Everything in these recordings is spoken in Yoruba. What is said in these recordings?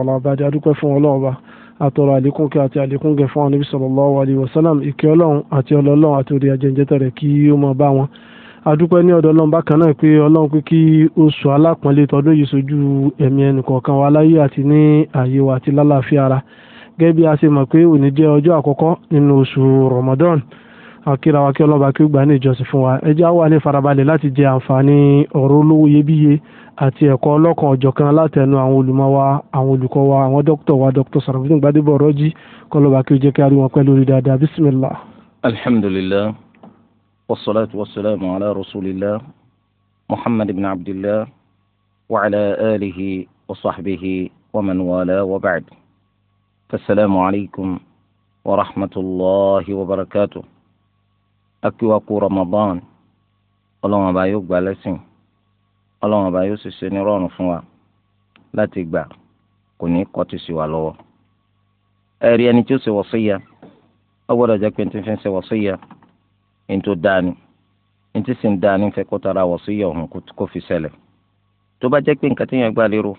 àwọn ọba àti adúpẹ́ fún ọlọ́run ọba àtọ̀rọ̀ àlékún kí àti àlékún gẹ̀ fún ànábì sallallahu alaihi wasallam ìkẹ́ ọlọ́run àti ọlọ́run àti orí ajẹ́njẹ́tẹ̀ rẹ̀ kí ó máa bá wọn. adúpẹ́ ní ọ̀dọ̀ ọlọ́run bákan náà pé ọlọ́run pé kí oṣù alápọ̀nlé tọdún yìí sojú ẹ̀mí ẹnìkọ̀ọ̀kan wa láyé àti ní àyè wa àti lálàáfíà ara gẹ́gẹ́ bí a ṣe mọ̀ pé òní jẹ́ ọjọ́ àkọ́kọ́ nínú oṣù Ramadan akíra wa kí ọlọ́ba kí ó gbà ní ìjọsìn fún wa ẹ jẹ́ á wà ní farabalẹ̀ láti jẹ àǹfààní ọ̀rọ̀ olówó iyebíye àti ẹ̀kọ́ ọlọ́kan ọ̀jọ̀kan látẹnu àwọn olùmọ̀ wa àwọn olùkọ́ wa àwọn dókítà wa dókítà Sàràfídín Gbádébọ̀ Rọ́jí kọlọ́ba kí ó jẹ́ kí a rí wọn pẹ́ lórí dáadáa bísímìlá. alhamdulilah wasalaatu wasalaamu alaykum wa rahmatulahi wa barakatuh akiwaku Ramadan ọlọ́run ọba yóò gbà lẹ́sìn ọlọ́run ọba yóò sì ṣe nírọ̀rùn fún wa láti gbà kò ní kọ́tù sí wa lọ́wọ́. ẹ̀rí ẹni tí ó ṣe wọ̀síyà ó gbọ́dọ̀ jẹ́ pé ní ti fi ń ṣe wọ̀síyà ní tó dáa ni ní ti sì ń dáa ní fẹ́ kó tara wọ̀síyà ọ̀hún kó fi ṣẹlẹ̀. tó bá jẹ́ pé nǹkan tí yẹn gbà lérò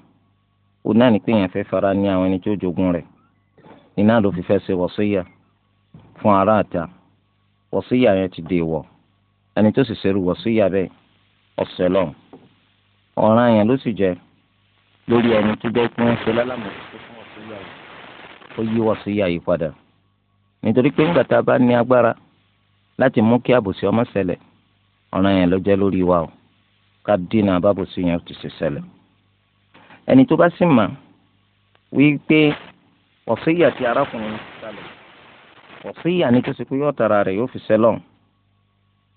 ó náà ní pé yẹn fẹ́ fara ní àwọn ẹni tí ó jogun rẹ̀ iná ló fi fẹ́ ṣe wọ̀síyà fún aráàta wọ́síyà yẹn ti dèèwọ̀ ẹni tó sì ṣerú wọ́síyà bẹ́ẹ̀ ọ̀sẹ̀ lọ ọ̀ràn yẹn ló sì jẹ lórí ẹni tó jẹ́ pé wọ́n ṣe lálàmọ́tò fún wọ́síyà yìí ó yí wọ́síyà yìí padà nítorí pé nígbà tá a bá ní agbára láti mú kí àbòsí ọmọ ṣẹlẹ̀ ọ̀ràn yẹn ló jẹ́ lórí wa o ká dínà bábòsí yẹn ti ṣe ṣẹlẹ̀ ẹni tó bá sì mà wí pé wọ́síyà ti arákùnrin ṣàlẹ̀ wọ̀síyà ni tó ṣe pé yóò tara rẹ̀ yóò fi sẹ́lọ̀n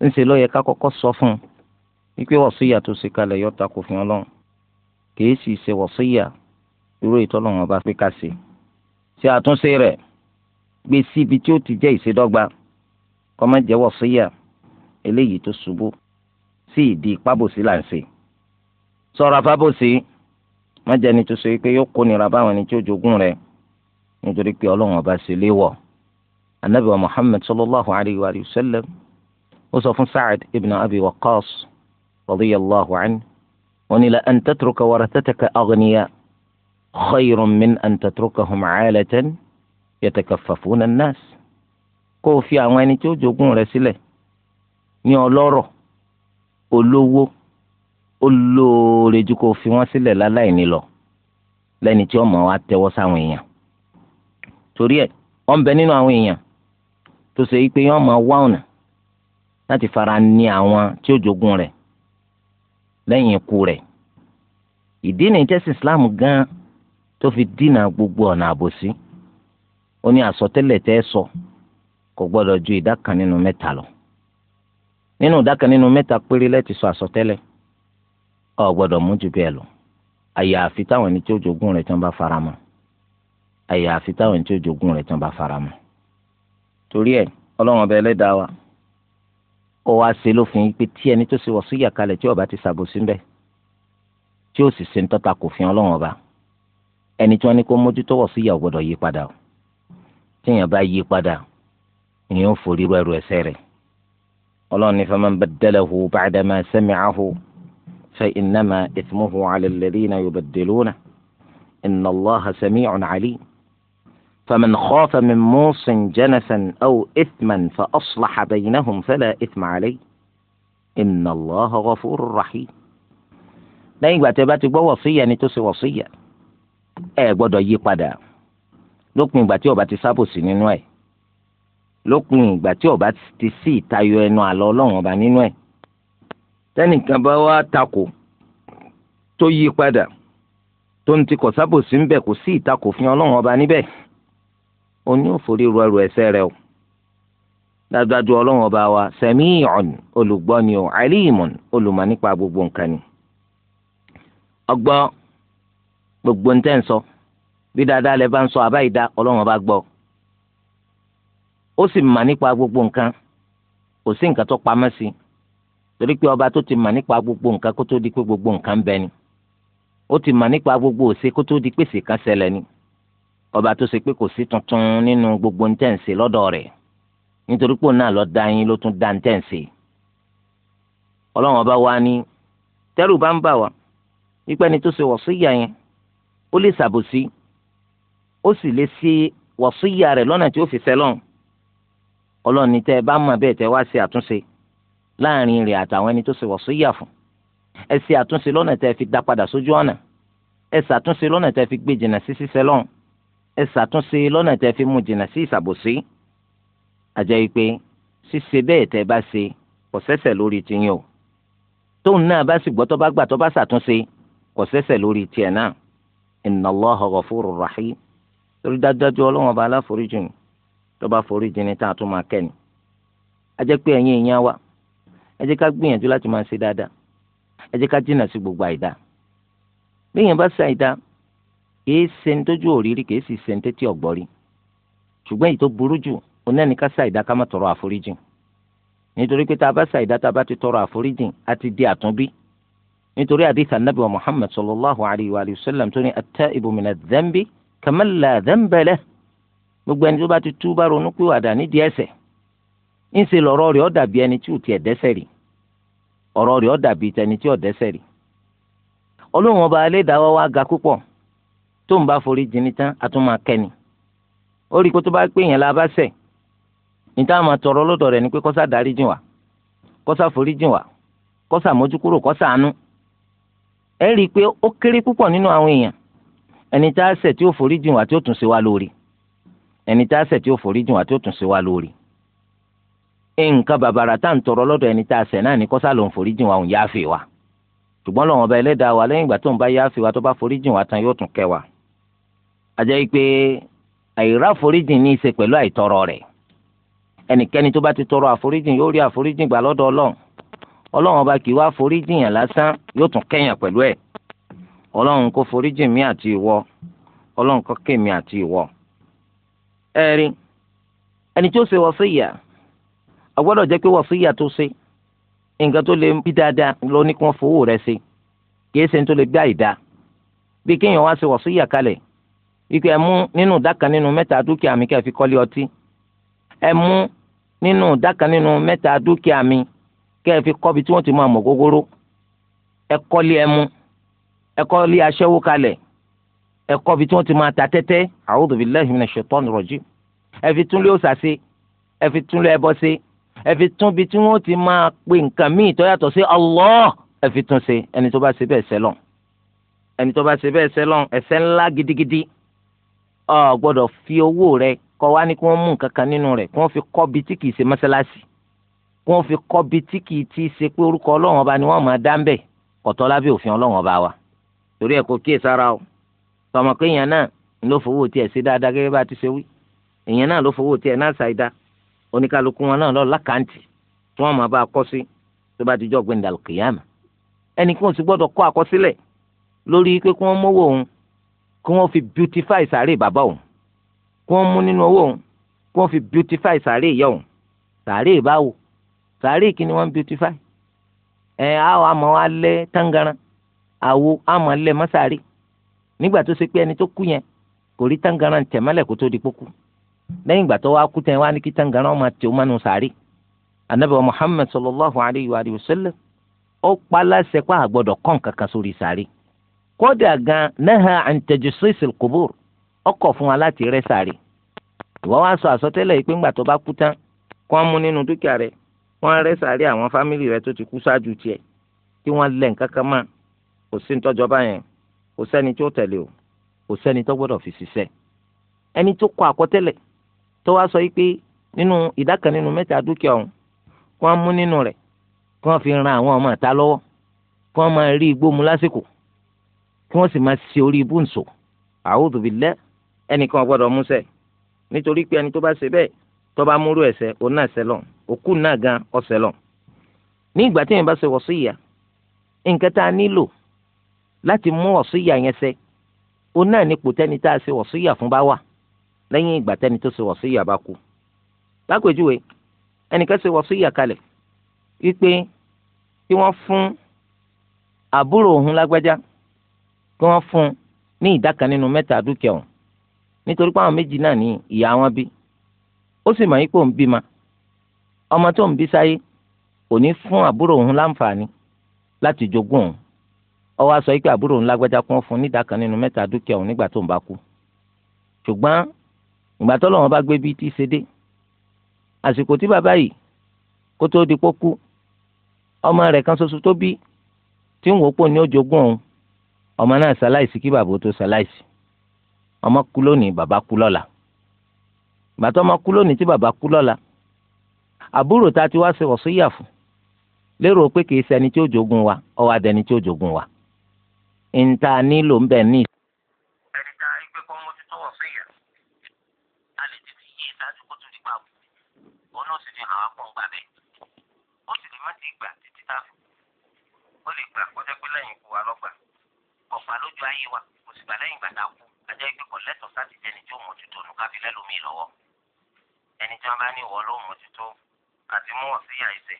ńṣe ló yẹ ká kọ́kọ́ sọ fún un wípé wọ̀síyà tó ṣe kalẹ̀ yóò ta kò fi hàn lọ́n kì í sì ṣe wọ̀síyà irú ìtọ́lọ́wọ́n bá pé ká ṣe ṣe àtúnṣe rẹ̀ gbé síbi tí ó ti jẹ́ ìṣedọ́gba kó má jẹ́ wọ̀síyà eléyìí tó ṣubú sí ìdí pábòsí là ń ṣe sọ̀rọ̀ afábòsí má jẹ́ni tó ṣe pé yóò kó nira báwọn ẹni tí ó jogún rẹ̀ nítorí pé ọlọ́wọ́n ọba ṣe léwọ̀ọ́ النبي محمد صلى الله عليه وآله وسلم وصف سعد ابن أبي وقاص رضي الله عنه ونل أن تترك ورثتك أغنياء خير من أن تتركهم عالة يتكففون الناس كو في تو توجوكم رسلة نيولورو لورو ولوو ولوري في وسلة لا لا ينلو لا ينتيو مواتي وساوين توريه ومبنينو أوين tó ṣe pé yọ́n máa wá ọ̀nà láti fara ní àwọn tí ó jogun rẹ̀ lẹ́yìn ikú rẹ̀ ìdí ni tẹ́sí islam gan tó fi dínà gbogbo ọ̀nà àbòsí ó ní àsọtẹ́lẹ̀ tẹ́ sọ kò gbọ́dọ̀ ju ìdá kan nínú mẹ́ta lọ nínú ìdá kan nínú mẹ́ta péré lẹ́ẹ̀tì sọ àsọtẹ́lẹ̀ ọ̀ gbọ́dọ̀ mú ju bẹ́ẹ̀ lọ àyàfi táwọn ẹni tí ó jogun rẹ̀ tán bá fara mọ́ àyàfi táwọn ẹni tí ó jogun rẹ̀ tán bá fara mọ́ torí ẹ̀ ọlọ́run ọba ẹlẹ́dàá wa ó wá ṣe lófin pé tí ẹni tó ṣe wàsíyà kalẹ̀ tí ó bá ti ṣàbòsí ń bẹ̀ tí ó sì ṣe ń tọ́ta kò fin ọlọ́run ọba ẹni tí wọ́n ní kó mójútó wàsíyà ò gbọ́dọ̀ yí padà o tí èèyàn bá yí padà èèyàn ò forí rú ẹrù ẹ̀ṣẹ̀ rẹ̀ ọlọ́run ní faman baddalahu ba'dama sami'ahu fa innama ithmuhu 'ala alladhina yubaddiluna inna Allaha sami'un 'alim فمن خاف من موص جنفا أو إثما فأصلح بينهم فلا إثم عليه إن الله غفور رحيم lẹ́yìn ìgbà tí ẹ bá ti gbọ́ wọ̀síyà ni tó ṣe wọ̀síyà ẹ gbọ́dọ̀ yí padà lópin ìgbà tí ó bá ti sábòsí nínú ẹ̀ lópin ìgbà tí ó bá ti sí ìtayọ ẹnu àlọ́ ọlọ́run ọba nínú ẹ̀ tẹ́nìkan bá wá takò tó yí padà tó ń ti kọ̀ sábòsí ń bẹ̀ kò sí ìtakò fún ọlọ́run ọba níbẹ̀ oní òfòrí ru ẹrù ẹ̀ṣẹ̀ rẹ̀ o dájúdájú ọlọ́run ọba wa sami'un olùgbọ́ni o alimun olùmọ̀ nípa gbogbo nǹkan ni ọgbọ́ gbogbo ń tẹ́ ń sọ bí dáadáa lẹ bá ń sọ àbá ìdá ọlọ́run ọba gbọ́ ó sì mọ̀ nípa gbogbo nǹkan kò sí nǹkan tó pamọ́ sí torí pé ọba tó ti mọ̀ nípa gbogbo nǹkan kó tó di pé gbogbo nǹkan ń bẹ ni ó ti mọ̀ nípa gbogbo òsè kó tó di pèsè kan ṣẹlẹ̀ ni ọba tó ṣe pé kò sí tuntun nínú gbogbo ntẹ̀ǹsì lọ́dọ̀ rẹ̀ nítorí pò náà lọ da yín ló tún da ntẹ̀ǹsì ọlọ́run ọba wa ni tẹ́rù bá ń bà wá wípé ẹni tó ṣe wọ̀síyà yẹn ó lè ṣàbòsí ó sì lè ṣe wọ̀síyà rẹ̀ lọ́nà tí ó fi sẹ́lọ̀n ọlọ́run ní tẹ́ ẹ bá mọ̀ bẹ́ẹ̀ tẹ́ wá ṣe àtúnṣe láàrin rẹ̀ àtàwọn ẹni tó ṣe wọ̀síyà fún ẹ ṣe àtúnṣe lọ́nà tẹ́ fi dá padà sójú ọ̀nà ẹ ṣàtúnṣe lọ́nà tẹ́ fi gbé jìnnà sí sísẹ́lọ̀n ẹ ṣàtúnṣe lọ́nà tẹ́ fi mú jìnnà sí ìṣàbòsí àjẹ́ yìí pé ṣíṣe bẹ́ẹ̀ tẹ́ bá ṣe kò sẹ́sẹ̀ lórí tiyín o tóun náà bá sì gbọ́ tó bá gbà tó bá ṣàtúnṣe kò sẹ́sẹ̀ lórí tiẹ̀ náà inna Allaha ghafurur rahim torí dájúdájú ọlọ́run ọba aláforíjì ni tó bá foríjì ni tá a tún máa kẹ́ni àjẹ́ pé ẹ̀yin èèyàn wa ẹ ká gbìyànjú láti máa ṣe dáadáa ẹ ká jìnnà sí gbogbo àìdá bí èèyàn bá ṣe kìí ṣe ní tójú òrírí kìí sì ṣe ní tétí ọ̀gbọ́rí ṣùgbọ́n èyí tó burú jù onẹ́ni ṣàìdá ká má tọrọ àforíjì nítorí pé tá a bá ṣàìdá tá ti tọrọ a ti di àtúnbí nítorí àdìsá nàbì wa muhammad sallallahu alayhi wa sallam tó ní at-ta'ibu min adh-dhanbi gbogbo ẹni tó bá ti túbà ronú pé wàdà nídìí ẹ̀ṣẹ̀ ńṣe lọ̀rọ̀ rẹ̀ dàbí ẹni tí ò tiẹ̀ ọ̀rọ̀ rẹ̀ dàbí tí ò Ọlọ́run tó ń bá forí jìnnì tán a tún máa kẹ́ni ó rí i pé tó bá pé yẹn la bá ṣẹ̀ níta máa tọrọ lọ́dọ̀ rẹ̀ ni pé kọ́sà dárí jìn wá kọ́sà forí jìn wá kọ́sà mójúkúrò kọ́sà àánú ẹ rí i pé ó kéré púpọ̀ nínú àwọn èèyàn ẹni tá a ṣẹ̀ tí ó forí jìn wá tí ó tún ṣe wá lórí ẹni tá a ṣẹ̀ tí ó forí jìn wá tí ó tún ṣe wá lórí nǹkan bàbàrà tá à ń tọrọ lọ́dọ̀ ẹni tá a ṣẹ̀ náà ni kọ́sà ló ń forí jìn wá òun yááfì wa ṣùgbọ́n lọ́wọ́n ọba ẹlẹ́dàá wa lẹ́yìn ìgbà tó ń bá yááfì wa tó bá forí jìn wá tán yóò tún kẹ́ wa. àjẹ́ pé àìrá àforíjìn ní í ṣe pẹ̀lú àìtọrọ rẹ̀ ẹnikẹ́ni tó bá ti tọrọ àforíjìn yóò rí àforíjìn gbà lọ́dọ̀ ọlọ́run ọba kì í wá foríjìn yàn lásán yóò tún kẹ́yàn pẹ̀lú ẹ̀ ọlọ́run kó mi àti ìwọ ọlọ́run àti ìwọ. ẹni tó ṣe wọ́síyà àgbọ́dọ̀ jẹ́ pé wọ́síyà tó ṣe nǹkan lọ ní kí wọ́n fowó rẹ̀ ṣe kì í ṣe ní tó lè gbá ìdá bí kéèyàn ike ẹ mú nínú ìdá kan nínú mẹ́ta dúkìá mi kẹ́ ẹ fi kọ́lé ọtí ẹ mú nínú ìdá kan nínú mẹ́ta dúkìá mi kẹ́ ẹ fi kọ́bi tí wọ́n ti máa mọ̀ gógóró ẹ kọ́lé ẹmu ẹ kọ́lé aṣẹ́wó kalẹ̀ ẹ kọ́bi tí wọ́n ti máa ta tẹ́tẹ́ a'udhu billahi minash shaitani rajim ẹ fi túnlé òòṣà ṣe tí wọ́n ti máa pe nǹkan míì tó sí Allah ẹ ẹni tó bá ṣe bẹ́ẹ̀ sẹ́lọ̀n ẹni tó bá ṣe bẹ́ẹ̀ sẹ́lọ̀n ẹ̀ṣẹ̀ ńlá gidigidi ọ gbọ́dọ̀ fi owó rẹ kọ wá ní kí wọ́n mú nǹkan kan nínú rẹ̀ kí wọ́n fi kọ́ bi tí kì í ṣe mọ́sálásì kí wọ́n fi kọ́ bi tí kì í ti ṣe pé orúkọ ọlọ́run ọba ni wọ́n máa dá ń bẹ̀ kọ̀tọ́ lábẹ́ òfin ọlọ́run ọba wa torí ẹ̀ kò kíyè sára o tọmọ pé èèyàn náà ló fowó tiẹ̀ ṣe dáadáa gẹ́gẹ́ bá a ti ṣe wí èèyàn náà ló fowó tiẹ̀ náà ṣàìdá oníkálukú wọn náà lọ lákàntì tí wọ́n máa bá a kọ́ sí tó bá ti jọ́ gbẹ̀ndàlùkìyàmù ẹnì kí wọ́n sì gbọ́dọ̀ kọ́ àkọsílẹ̀ lórí pé kí wọ́n mówó òun kí wọ́n fi beautify sàárè bàbá òun kí wọ́n mú nínú owó òun kí wọ́n fi beautify sàárè ìyá òun sàárè ìbáwò sàárè kí ni wọ́n beautify ẹ̀ àwọn àmọ́ wa lẹ́ tangaran àwo àmọ́ lẹ́ mọ́sàárè nígbà tó ṣe pé ẹni tó kú yẹn kò rí tangaran tẹ̀ mọ́lẹ̀ kó tó di pókú lẹ́yìn ìgbà tó wá kú tẹ̀ wá ní kí tangaran ọmọ tẹ̀ ó mánu sàárè anabi muhammed sallallahu alayhi wa sallam ó pa láṣẹ pa àgbọ̀dọ̀ kàn sórí sàárè kódà gan náà àǹtẹ̀jùsíìsì kòbóòr ọkọ̀ fún wa láti rẹ́ sàrè ìwọ́n wá sọ àsọtẹ́lẹ̀ yìí pé ńgbà tó bá kú tán kó wọ́n mú nínú dúkìá rẹ̀ wọ́n rẹ́ sàrè àwọn fámìlì rẹ̀ tó ti kú ṣáájú tiẹ̀ kí wọ́n lẹ̀ ń kankan mọ́ kò sí nítọ́jọ́ báyẹn kò sẹ́ni tó tẹ̀lé o kò sẹ́ni tó gbọ́dọ̀ fi ṣiṣẹ́ ẹni tó kọ àkọtẹ́lẹ̀ tó wá sọ yìí pé nínú ìdá nínú mẹ́ta dúkìá ọ̀hún kó wọ́n mú nínú rẹ̀ kó wọ́n fi ran àwọn ọmọ àta kí wọ́n sì máa ṣe orí ibú nsò a'udhu billah ẹnìkan ò gbọ́dọ̀ múṣẹ̀ nítorí pé ẹni tó bá ṣe bẹ́ẹ̀ tó bá múrú ẹ̀ṣẹ̀ òun náà ṣẹlọ̀ òkú náà gan ọ̀ṣẹlọ̀ ní ìgbà tí èèyàn bá ṣe wọ̀síyà nǹkan tá a nílò láti mú wọ̀síyà yẹn ṣẹ òun náà ní pòtẹ́ni tá a ṣe wọ̀síyà fún bá wà lẹ́yìn ìgbà tẹ́ni tó ṣe wọ̀síyà bá kú lápèjúwe ẹnìkan ṣe wọ̀síyà kalẹ̀ wípé kí wọ́n fún àbúrò òun lágbájá kí wọ́n fún un ní ìdá kan nínú mẹ́ta dúkìá òun nítorí pé àwọn méjì náà ní ìyá wọn bí ó sì mọ̀ ipò ń bímọ ọmọ tó ń bí sáyé kò ní fún àbúrò òun láǹfààní láti jogún òun ó wá sọ pé àbúrò òun lágbájá kún fún ní ìdá kan nínú mẹ́ta dúkìá òun nígbà tó ń bá kú ṣùgbọ́n ìgbà tó lọ́wọ́ bá gbé bí tí ṣe dé àsìkò tí bàbá yìí kó tó di pó kú ọmọ rẹ̀ kan ṣoṣo tó bí tí ń wò ó pò ní ó jogún òun ọmọ náà ṣaláìsí kí bàbá ó tó ṣaláìsí ọmọ kú lónìí bàbá kú lọ́la bàtọ́ ọmọ kú lónìí tí bàbá kú lọ́la àbúrò tá a ti wá ṣe wọ̀síyà fún lérò pé kì í ṣẹni tí ó jogun wa ọwọ́ adẹni tí ó jogun wa ìta nílò ń bẹ̀ ní. ó lè gbà títí lẹ́yìn ikú wa lọ́kọ̀ gbà lójú ayé wa kò sì gbà lẹ́yìn gbàdá kú ajá ibi kò lẹ́tọ̀ọ́ sáti jẹ́ni tí ó mójútó nù káfí lẹ́lòmíì lọ́wọ́ ẹni tí wọ́n bá ní ìwọ ló mójútó àti mú wọ̀síyà ẹsẹ̀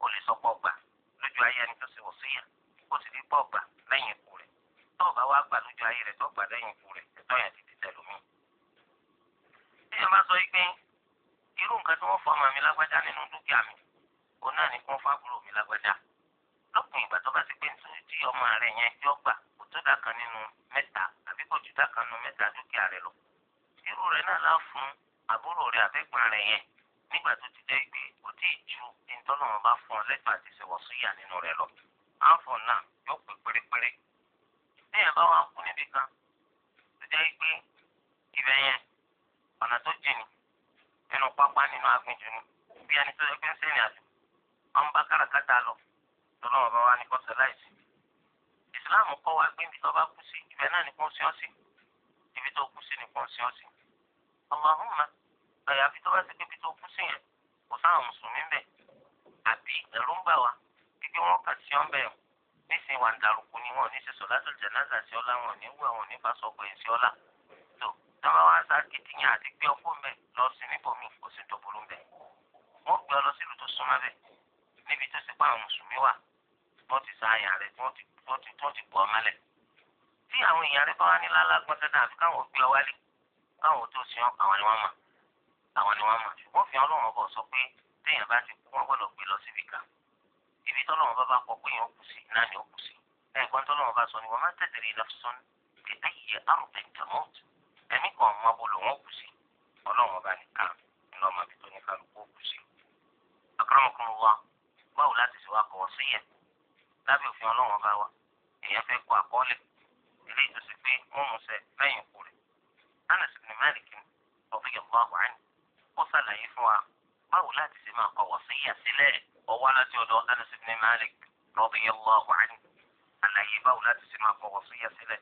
ó lè sọ́pọ̀ gbà lójú ayé ẹni tó ṣe wọ̀síyà ó sì fi pọ̀ gbà lẹ́yìn ikú rẹ̀ tó o bá wá gbà lójú ayé rẹ̀ tó gbà lẹ́yìn ikú rẹ̀ ẹ̀tọ́ yẹn ti di tẹ̀lómíì. bí bá sọ pé ọmọ mi yẹn jọ́ gbà sọ́dà kan nínú mẹ́ta àbí kò jù kan nínú mẹ́ta dúkìá rẹ lọ. irú rẹ náà lá fún àbúrò rẹ̀ àbẹ́gbọ́n yẹn nígbà tó ti jẹ́ pé kò tí ju ìtọ́lọ́wọ́n bá fún ọ nínú rẹ lọ. áńfọ̀ náà yóò pérépéré. bá wà kú níbi kan tó yẹn ọ̀nà tó jìn pápá nínú agbẹ̀jù ni bí ẹni tó ìsìláàmù kọ́ wa pé ibi tó bá kú sí ibẹ̀ náà nìkan sí ọ̀sìn ibi tó kú sí nìkan sí ọ̀sìn Allahumma àyàfi tó bá ti débi tó kú sí yẹn kò sáwọn mùsùlùmí ń bẹ̀ àbí ẹ̀rú ń bà wá gbígbé wọn kà sí ọ̀n bẹ̀rù nísìnyí wà ń darúkú ni wọn ò ní ṣe sọ̀látò jánásà sí ọ̀la wọn ò ní wẹ̀ wọn ò ní fasọ̀ pẹ̀yìn sí ọ̀la tó táwọn wá sá kìtìyàn àti gbé ọkọ mẹ lọ sí níbòmí kò sí tó burú wọn gbé ọ lọ sílùú tó súnmọ́ bẹ níbi tó ti àwọn mùsùlùmí wà wọn ti sa àyàn rẹ tí wọn ti tí wọ́n ti bọ̀ ọ́ mọ́lẹ̀ tí àwọn èèyàn rẹ bá wà ní lálágbọ́n dandan àfi káwọn gbé ọ wálé káwọn tó sin ọ àwọn ni wọ́n mọ̀ àwọn ni wọ́n mọ̀ ṣùgbọ́n fi ọlọ́run ọkọ̀ sọ pé téèyàn bá ti kú wọ́n gbọ́dọ̀ gbé lọ síbi kan ibi tọ́lọ́run bá bá kọ pé èèyàn kù sí náà ni ó kù sí ẹ̀gbọ́n tọ́lọ́run bá sọ ni wọ́n máa tẹ̀tẹ̀rẹ̀ ìlọsọ́n ti ayé àrùbẹ̀ tẹ̀mọ́t ẹ̀mí kan ọmọ abolo wọn kù sí ọlọ́run ọba nìkan ńlọ ọmọ ibi tó ní kálukú kù sí. akọ́nàmọ́kùnrin wa báwo èèyàn fẹ́ kọ àkọọ́lẹ̀ eléyìí tó ṣe pé wọ́n mú sẹ lẹ́yìn òkú rẹ̀ Anas ibn Malik radiyallahu anhu ó ṣàlàyé fún wa báwo láti ṣe máa kọ wàsíyà sílẹ̀ ọwọ́ láti ọ̀dọ̀ Anas ibn Malik radiyallahu anhu àlàyé báwo láti ṣe máa kọ wàsíyà sílẹ̀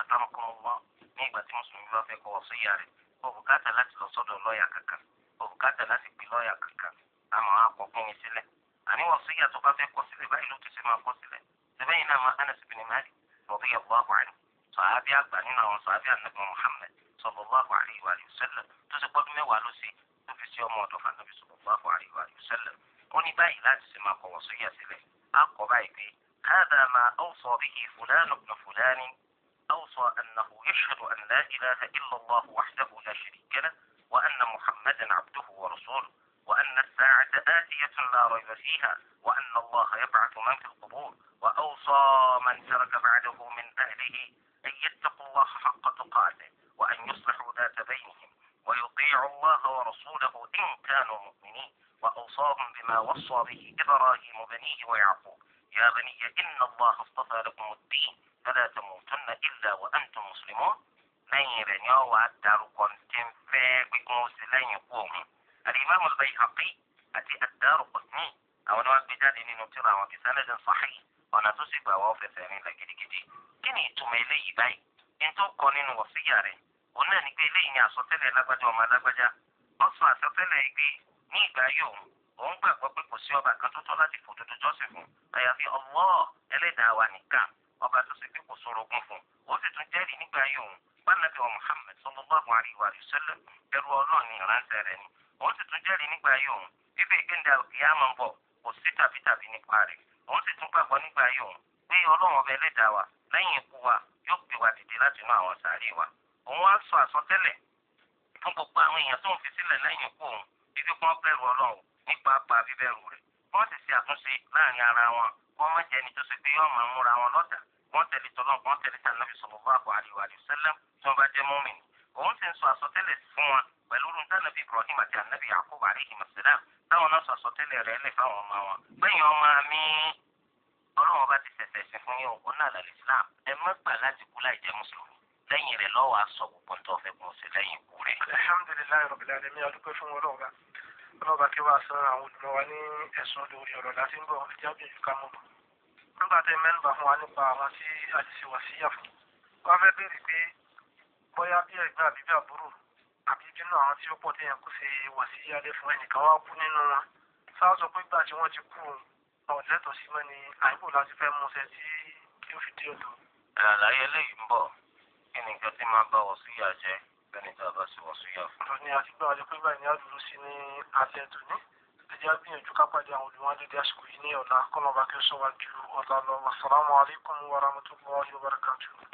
àtàmùkọ́mọ́ ní ìgbà tí mùsùlùmí bá fẹ́ kọ wàsíyà rẹ̀ ó bùkátà láti lọ sọ́dọ̀ lọ́ọ̀yà kankan ó bùkátà láti pe lọ́ọ̀yà kankan àmọ́ àkọ́kùnrin sílẹ̀ àníwọ̀síyà sílẹ̀ báyìí ló sí الله عليه صحابي أكبر هنا وصحابي النبي محمد صلى الله عليه وآله وسلم تسقط ما والوسي تفسي أموت وفع النبي صلى الله عليه وآله وسلم أني باي لا تسمع قوصية له أقو باي هذا ما أوصى به فلان ابن فلان أوصى أنه يشهد أن لا إله إلا الله وحده لا شريك له وأن محمدا عبده ورسوله وأن الساعة آتية لا ريب فيها وأن الله يبعث من في القبور وأوصى من ترك بعد بما وصى به إبراهيم بنيه ويعقوب يا بني إن الله اصطفى لكم الدين فلا تموتن إلا وأنتم مسلمون lẹ́yìn rẹ̀ ni ọ̀wà dárúkọ tí ń fẹ́ gbígun sí lẹ́yìn kú òun. Al-Imam al-Bayhaqi àti ad-Daraqutni àwọn ni wọ́n gbé jáde nínú tíra àwọn bíi sanadin sahih ọ̀nà tó sì gbà wọ́n fẹsẹ̀ rìn lẹ̀ gidigidi. Kí ni ìtumọ̀ eléyìí báyìí? Ní tó kọ nínú wọ̀síyà rẹ̀, òun náà ní pé eléyìí ni àsọtẹ́lẹ̀ lágbájá ọmọ lágbájá. Ó sọ àsọtẹ́lẹ̀ yìí pé ní ìgbà yóò wọ́n sì tún jẹ́rìí nígbà ayé òun bánàbí wa Muhammad sallallahu alayhi wa sallam ẹrú ọlọ́ọ̀ni ìránṣẹ́ rẹ̀ ni wọ́n sì tún jẹ́rìí nígbà ayé òun bíbí ìgbéǹda ìyá máa ń bọ̀ kò sí tàbí tàbí nípa rẹ̀ wọ́n sì tún gbàgbọ́ nígbà ayé òun pé ọlọ́run ọba ẹlẹ́dàá wa lẹ́yìn ikú wa yóò gbé wa dìde láti inú àwọn sàárè wa òun wá sọ àsọtẹ́lẹ̀ fún gbogbo àwọn èèyàn tó ń fi sílẹ̀ lẹ́yìn ikú òun bíbí kí bẹ̀rù ọlọ́run nípa apá bíbẹ̀rù rẹ̀ wọ́n sì ṣe àtúnṣe láàrin ara wọn kí wọ́n tó ṣe pé yóò múra wọn lọ́tà wọ́n tẹ̀lé tọ́lọ́ wọ́n tẹ̀lé tẹ̀lé nàbì sallallahu alaihi wa sallam tó bá jẹ́ mọ́mìn òun sì ń sọ àsọtẹ́lẹ̀ fún wa pẹ̀lú rúńtà nàbì Ibrahim àti ànàbì Yakub alaihi masalam táwọn náà sọ àsọtẹ́lẹ̀ rẹ̀ lẹ̀ fáwọn ọmọ wọn gbẹ̀yìn ọmọ mi ọlọ́run ọba ti ṣẹ̀ṣẹ̀ sí fún yín òun náà lálẹ́ Islam ẹ má gbà láti kú láì mùsùlùmí nígbà tẹ́ mẹ́nu bà fún wa nípa àwọn tí a ti ṣe wà sí yàfù wọ́n fẹ́ béèrè pé bóyá bí ẹ̀gbọ́n àbí bí àbúrò àbí bínú àwọn tí ó pọ̀ téèyàn kó ṣe wà sí yálé fún ẹnìkan wá kú nínú wọn sáà sọ pé gbà tí wọ́n ti kú ọ̀lẹ́tọ̀ sí mọ́ ni àìbò láti fẹ́ mú ṣe tí yóò fi dé ọ̀dọ̀. àlàyé eléyìí ń bọ̀ kí ni nǹkan tí máa bá wọ̀ sí yà jẹ́ bẹ́ẹ̀ ni a bá ṣe wọ̀ sí yà fún. ọ̀rọ̀ ẹjẹ́ gbìyànjú ká pàdé àwọn olùwọ́n dédé àsìkò yìí ní ọ̀la kọ́nà bá kí ó sọ wájú ọ̀la lọ wàsálàmù alaykum wa rahmatulahi wa